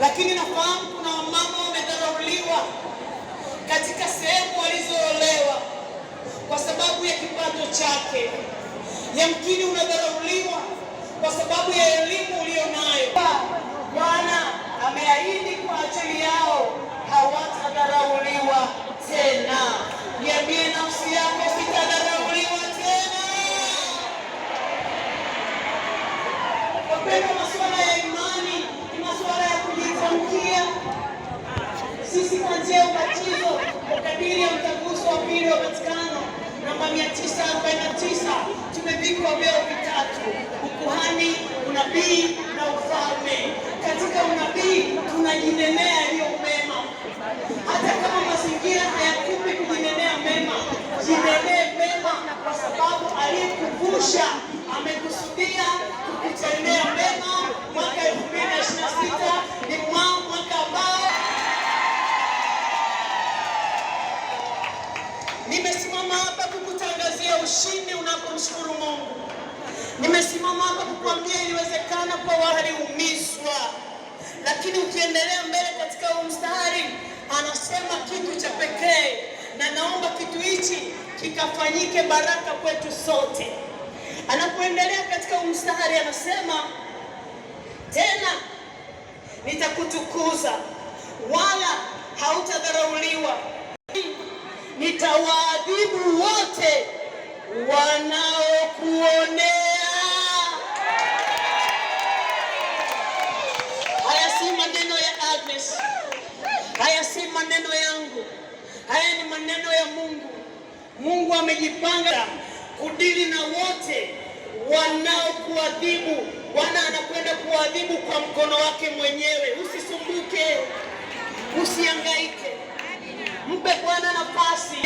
lakini nafahamu kuna wamama wamedharauliwa katika sehemu walizoolewa kwa sababu ya kipato chake. Yamkini unadharauliwa kwa sababu ya elimu ulionayo. Bwana ameahidi kwa ajili yao hawatadharauliwa tena. Niambie nafsi yako, sitadharauliwa tena kuamkia sisi kuanzia ubatizo kwa kadiri ya mtaguso wa pili wa Vatikano namba 949 tumevikwa vyeo vitatu: ukuhani, unabii na ufalme. Katika unabii tunajinenea yaliyo mema, hata kama mazingira hayakupi kujinenea mema, jinenee mema, kwa sababu aliyekuvusha nimesimama hapa kukutangazia ushindi unapomshukuru Mungu. Nimesimama hapa kukuambia iliwezekana kwa waliumizwa, lakini ukiendelea mbele katika huu mstari anasema kitu cha pekee, na naomba kitu hichi kikafanyike baraka kwetu sote. Anapoendelea katika huu mstari anasema tena, nitakutukuza wala hauta nitawaadhibu wote wanaokuonea. Haya si maneno ya Agnes, haya si maneno yangu, haya ni maneno ya Mungu. Mungu amejipanga kudili na wote wanaokuadhibu. Bwana anakwenda kuadhibu kwa mkono wake mwenyewe. Usisumbuke, usiangaike, mpe Bwana nafasi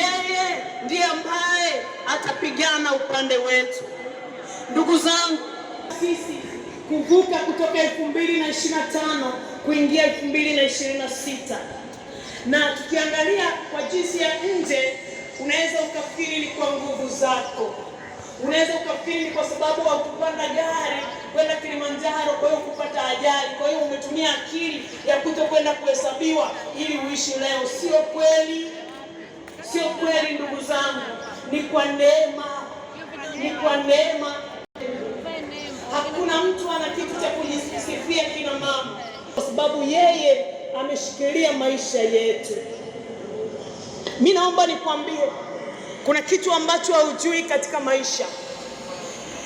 ndiye ambaye atapigana upande wetu. Ndugu zangu, sisi kuvuka kutoka elfu mbili na ishirini na tano kuingia elfu mbili na ishirini na sita na tukiangalia kwa jinsi ya nje, unaweza ukafikiri ni kwa nguvu zako, unaweza ukafikiri ni kwa sababu haukupanda gari kwenda Kilimanjaro, kwa hiyo kupata ajali, kwa hiyo umetumia akili ya kuto kwenda kuhesabiwa ili uishi leo. Sio kweli. Sio kweli ndugu zangu, ni kwa neema, ni kwa neema. Hakuna mtu ana kitu cha kujisifia kina mama, kwa sababu yeye ameshikilia maisha yetu. Mi naomba nikwambie, kuna kitu ambacho haujui katika maisha.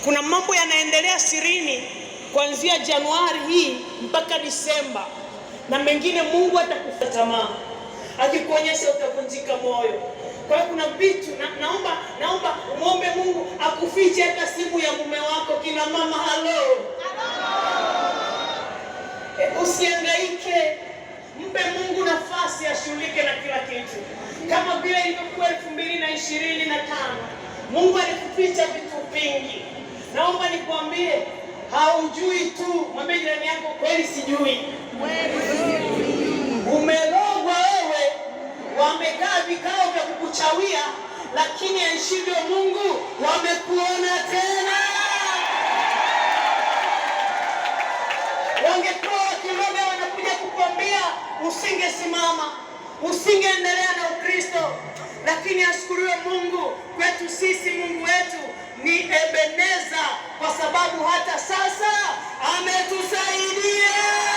Kuna mambo yanaendelea sirini kuanzia Januari hii mpaka Disemba, na mengine Mungu atakufa tamaa, akikuonyesha utavunjika moyo. Kwa hiyo kuna vitu na, naomba naomba muombe Mungu akufiche hata simu ya mume wako. Kina mama, halo, usiangaike, mpe Mungu nafasi ashughulike na kila kitu, kama vile ilivyokuwa elfu mbili na ishirini na tano. Mungu alikuficha vitu vingi, naomba nikuambie haujui tu. Mwambie jirani yako, kweli sijui, kweli sijui. sawia, lakini aishivyo Mungu wamekuona tena. Wangekuwa wakiloga wanakuja kukwambia usingesimama, usingeendelea na Ukristo, lakini ashukuriwe Mungu. Kwetu sisi Mungu wetu ni Ebeneza, kwa sababu hata sasa ametusaidia.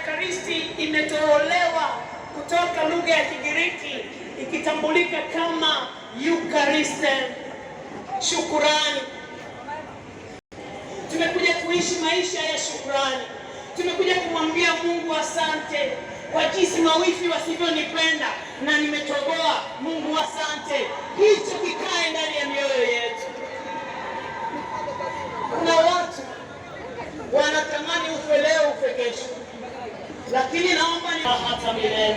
Ekaristi imetolewa kutoka lugha ya Kigiriki ikitambulika kama Eucharisten, shukurani. Tumekuja kuishi maisha ya shukurani, tumekuja kumwambia Mungu asante kwa jinsi mawifi wasivyonipenda na nimetoboa. Mungu asante, hicho kikae ndani ya mioyo yetu na lakini naomba ni samehe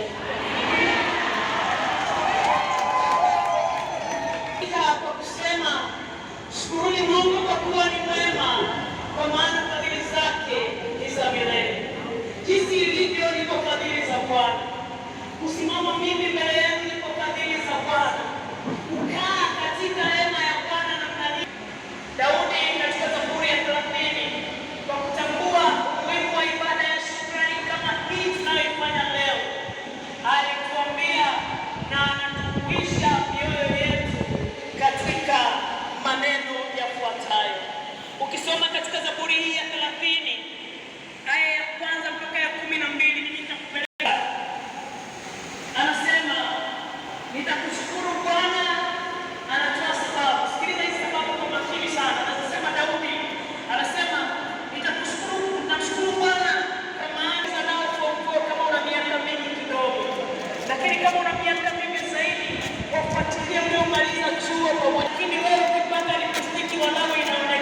kama una miaka mingi zaidi wafuatilia uliomaliza chuo pamoja, lakini wewe ukipata lipstiki walau inaona